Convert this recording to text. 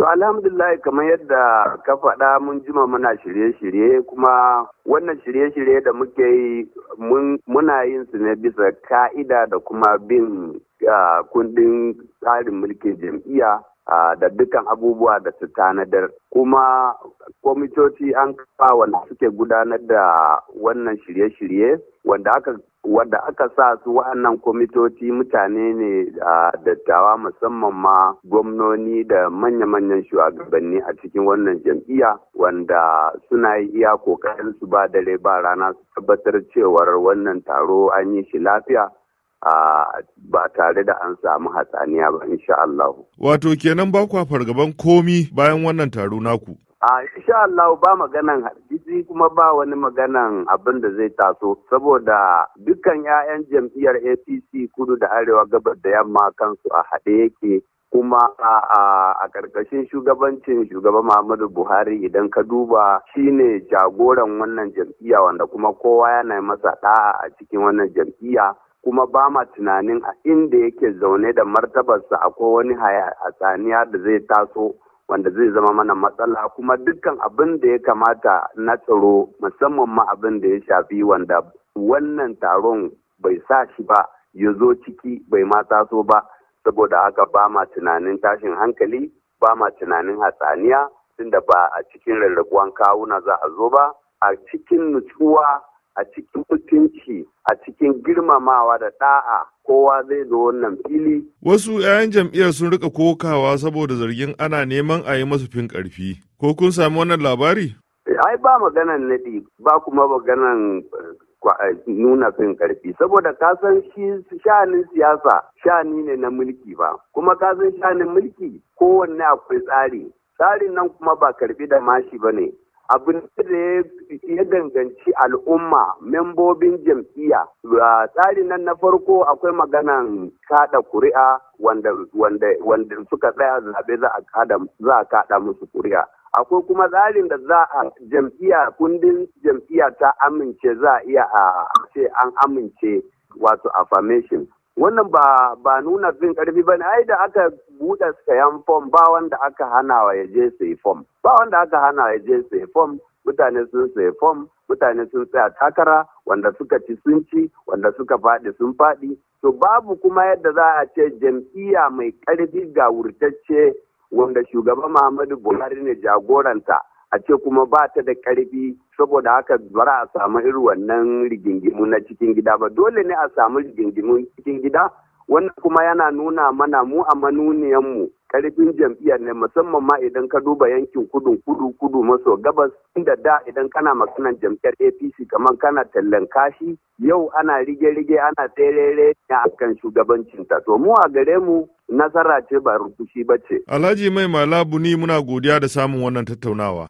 To alhamdulillah kamar yadda ka faɗa mun jima muna shirye-shirye kuma wannan shirye-shirye da muke yi muna yin su ne bisa ka'ida da kuma bin kundin tsarin mulkin jam'iyya da dukkan abubuwa da su tanadar kuma kwamitoci an kafa wanda suke gudanar da wannan shirye-shirye wanda aka wadda aka sa su wa'annan kwamitoci mutane ne a dattawa musamman ma gwamnoni da manya-manyan shugabanni a cikin wannan jam'iyya wanda suna yi iya kokarin su ba dare ba rana su tabbatar cewar wannan taro an yi shi lafiya ba tare da an samu hatsaniya ba insha Allah. Wato kenan ba kwa fargaban komi bayan wannan taro naku. A insha Allah ba maganan hargitsi kuma ba wani maganan abin da zai taso saboda dukkan 'ya'yan jam'iyyar APC kudu da arewa gabar da yamma kansu a haɗe yake kuma a ƙarƙashin shugabancin shugaban Muhammadu Buhari idan ka duba shine jagoran wannan jam'iyya wanda kuma kowa yana masa ɗa'a a cikin wannan jam'iyya kuma ba ma tunanin a inda yake zaune da martabarsa akwai wani hatsaniya da zai taso wanda zai zama mana matsala kuma dukkan abin da ya kamata na tsaro musamman ma abin da ya shafi wanda wannan taron bai sa shi ba ya zo ciki bai ma taso ba saboda haka ba ma tunanin tashin hankali ba ma tunanin hatsaniya tunda ba a cikin rarrabuwan kawuna za a zo ba a cikin nutsuwa a cikin mutunci a cikin girmamawa da ɗa'a kowa zai zo wannan fili. Wasu 'ya'yan jam'iyyar sun rika kokawa saboda zargin ana neman a yi masu fin ƙarfi. Ko kun sami wannan labari? Ai ba maganan naɗi ba kuma maganan eh, nuna fin karfi saboda ka san shi sha'anin siyasa sha'ani ne na mulki ba kuma ka san sha'anin mulki kowanne akwai tsari tsarin nan kuma ba karfi da mashi ba ne abin da ya danganci al'umma membobin jam'iyya tsari nan na farko akwai maganan kada kuri'a wanda suka tsaya zabe za a za a kada musu kuri'a akwai kuma tsarin da za a jam'iyya kundin jam'iyya ta amince za a iya a ce an amince wato affirmation wannan ba ba nuna fin karfi ne, ai da aka buɗe sayan fom ba wanda aka hana wa ya je sai fom ba wanda aka hana ya je sai fom mutane sun sai fom mutane sun tsaya takara wanda suka ci sun ci wanda suka faɗi sun faɗi to babu kuma yadda za a ce jam'iyya mai ƙarfi ga wurtacce wanda shugaban Muhammadu Buhari ne jagoranta a ce kuma ba ta da karfi saboda haka bara a samu irin wannan rigingimu na cikin gida ba dole ne a samu rigingimu cikin gida wannan kuma yana nuna mana mu a mu karfin jam'iyyar ne musamman ma idan ka duba yankin kudu kudu kudu maso gabas inda da idan kana maganar jam'iyyar apc kamar kana tallan kashi yau ana rige-rige ana tserere ne a kan shugabancinta to mu a gare mu nasara ce ba rukushi ba ce alhaji mai malabu ni muna godiya da samun wannan tattaunawa